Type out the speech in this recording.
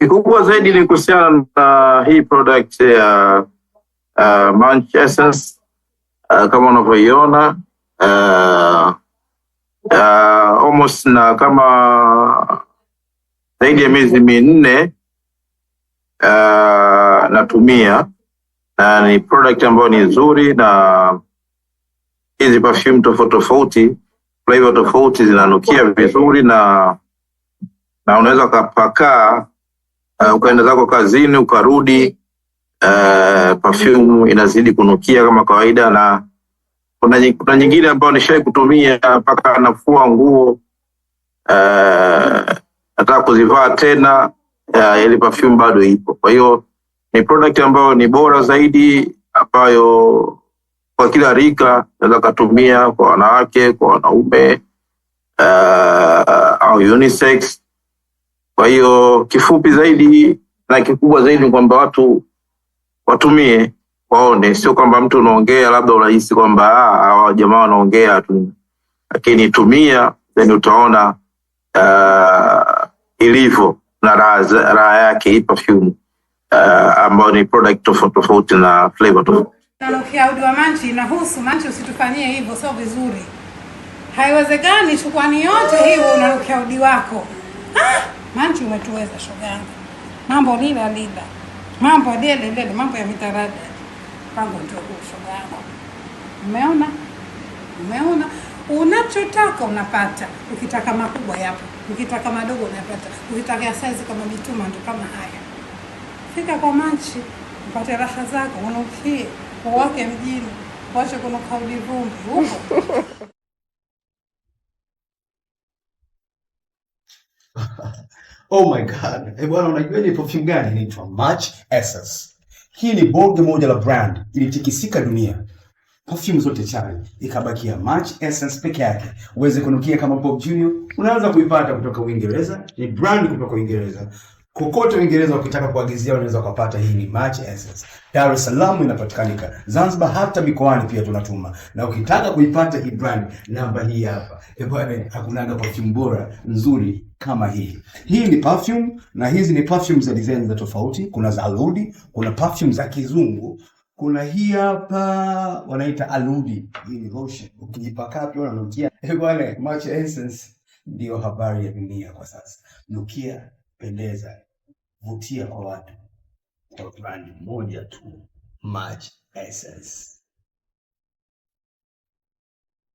Kikubwa zaidi ni kuhusiana na hii product ya uh, Munch Essence uh, kama unavyoiona uh, uh, almost na kama zaidi ya miezi minne uh, natumia na ni product ambayo ni nzuri, na hizi perfume tofauti tofauti flavor tofauti zinanukia vizuri, na na unaweza ukapakaa uh, eh, ukaenda zako kazini ukarudi, uh, perfume inazidi kunukia kama kawaida, na kuna nyingine ambayo nishai kutumia mpaka nafua nguo uh, nataka kuzivaa tena uh, ile perfume bado ipo. Kwa hiyo ni product ambayo ni bora zaidi ambayo kwa kila rika naweza katumia, kwa wanawake, kwa wanaume uh, au unisex kwa hiyo kifupi zaidi na kikubwa zaidi ni kwamba watu watumie waone, sio kwamba mtu unaongea labda unahisi kwamba ah, hawa jamaa wanaongea tu, lakini tumia then utaona uh, ilivyo na raha yake hii perfume uh, ambayo ni product tofauti tofauti na flavor tofauti. udi wa Manchi Manchi, usitufanyie hivyo, sio vizuri, haiwezekani. yote hiyo unanukia udi wako ah! Manchi umetuweza shogangu, mambo lila lila, mambo lele lele, mambo ya vitaraja pango ndio shogangu. Umeona, umeona unachotaka unapata. Ukitaka makubwa yapo, ukitaka madogo unapata, ukitaka ya saizi kama mituma ndo kama haya. Fika kwa Manchi upate raha zako, unukie uwake mjini, kuna kaudi udivumbi huko oh my god, eh, bwana, unajua ni perfume gani? Inaitwa March Essence. Hii ni bold moja la brand, ilitikisika dunia. Perfume zote chali, ikabakia March Essence peke yake uweze kunukia kama Bob Junior. unaanza kuipata kutoka Uingereza, ni brand kutoka Uingereza. Kokote Uingereza ukitaka kuagizia unaweza kupata. Hii ni Match Essence. Dar es Salaam inapatikanika, Zanzibar, hata mikoani pia tunatuma, na ukitaka kuipata hii brand, namba hii hapa. E bwana, hakunaga perfume bora nzuri kama hii. Hii ni perfume na hizi ni perfume za design za tofauti. Kuna za aludi, kuna perfume za kizungu, kuna hii hapa wanaita aludi. Hii ni lotion, ukijipaka pia unanukia. E bwana, Match Essence ndio habari ya dunia kwa sasa, nukia pendeza, vutia kwa watu kwa brandi moja tu, March Essence.